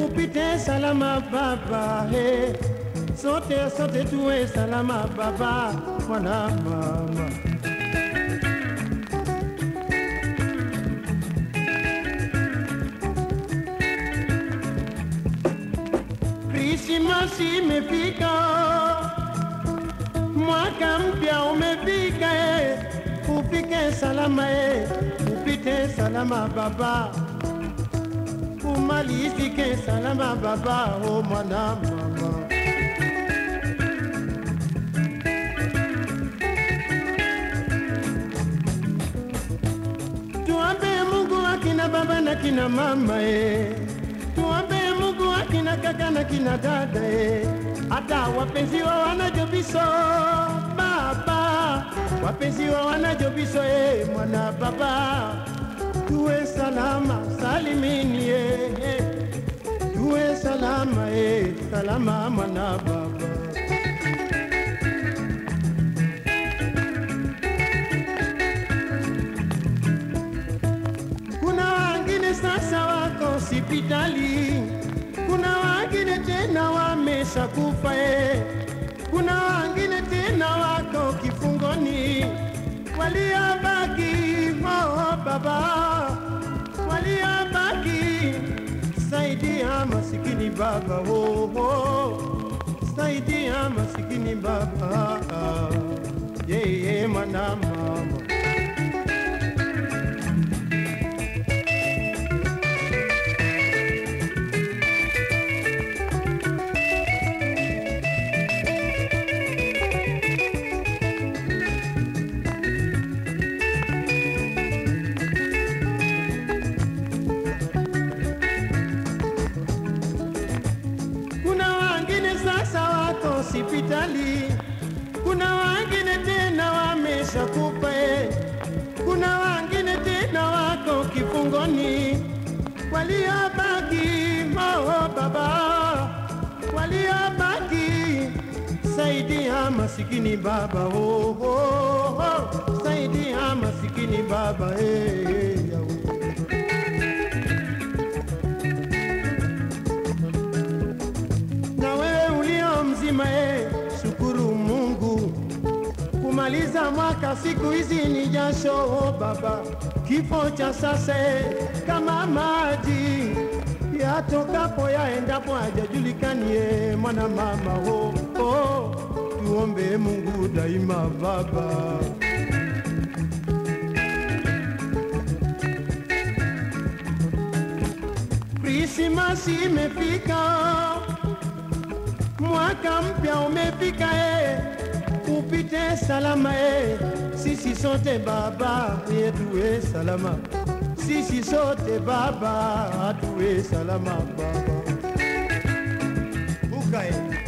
kupite salama baba he sote sote tuwe salama baba mwana mama Krismasi imefika, mwaka mpya umefika, eh. Ufike salama eh, upite salama baba mali salama baba o oh, mwana mama tuombe mungu akina baba na kina mama e eh. tuombe mungu akina kaka na kina dada e hata wapenzi wa wanajobiso baba wapenzi wa wanajobiso e mwana baba tuwe salama salimini mama na baba. Kuna wengine sasa wako hospitali, kuna wengine tena wamesha kufa eh. Kuna wengine tena wako kifungoni, waliobaki oh, baba masikini baba, oh, oh. Saidia masikini baba waliobaki mao baba waliobaki saidia masikini baba oh, oh, oh. saidia masikini baba hey, eh, eh. hey. Kumaliza mwaka siku hizi ni jasho oh, baba, kifo cha sasa kama maji yatokapo yaendapo hajajulikanie mwana mama ho oh, oh, tuombe Mungu daima baba. Krismasi imefika, mwaka mpya umefika eh. ekupi te salama ye sisiso te baba yedu ye salama sisiso te baba adu ye salama baba buka ye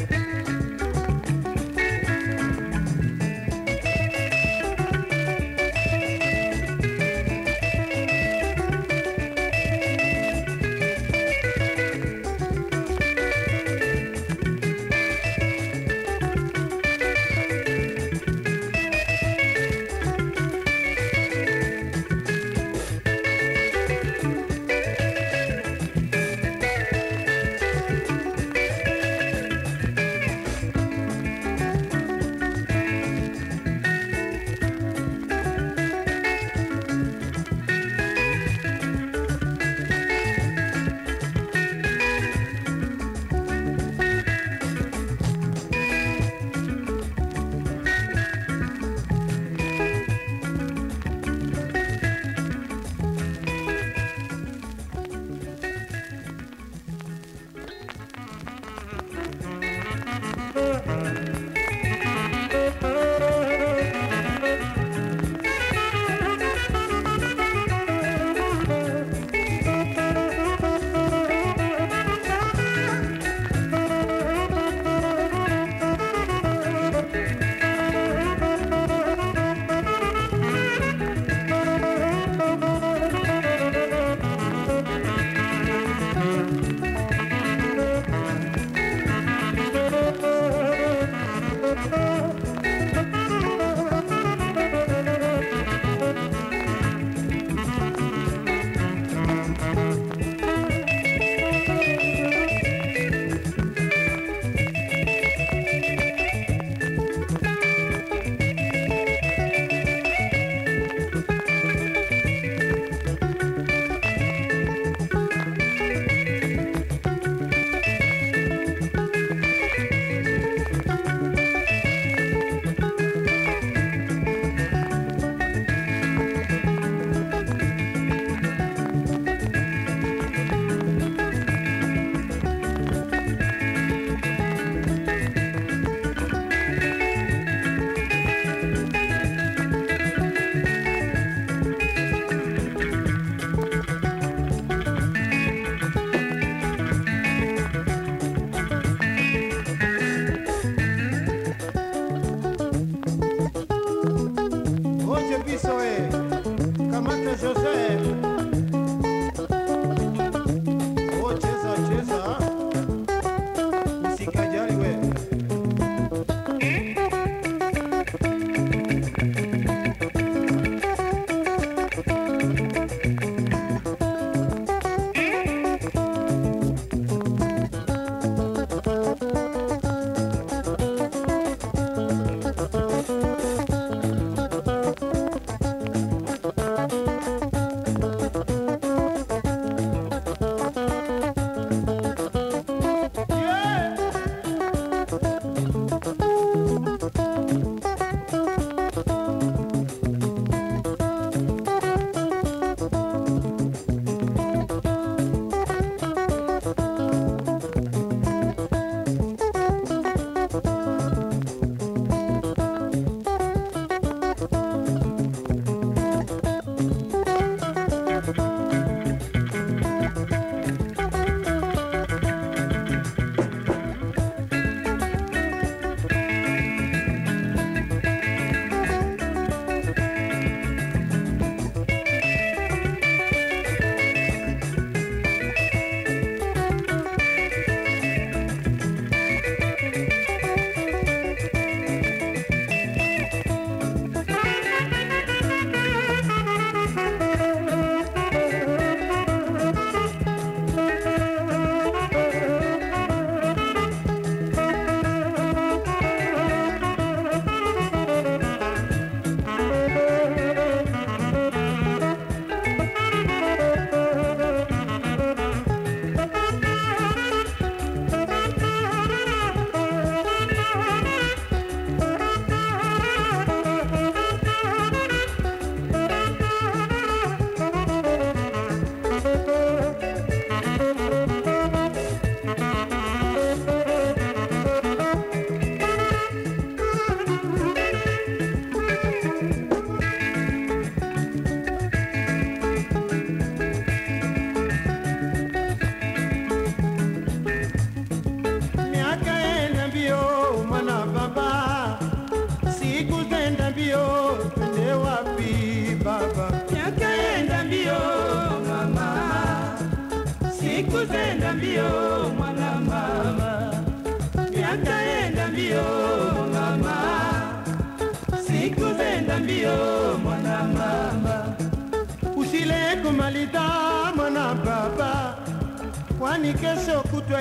kwani kesho kutwa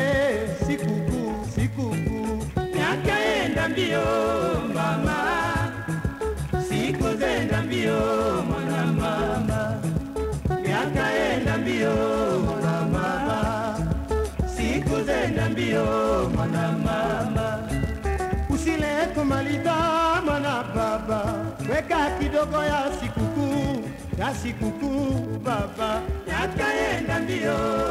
sikuku sikukuu sikukuu. Miaka yenda mbio mama, siku zenda mbio mwana mama, miaka yenda mbio mwana mama, siku zenda mbio mwana mama. Usile kumaliza mwana baba, weka kidogo ya sikuku ya sikuku baba, miaka yenda mbio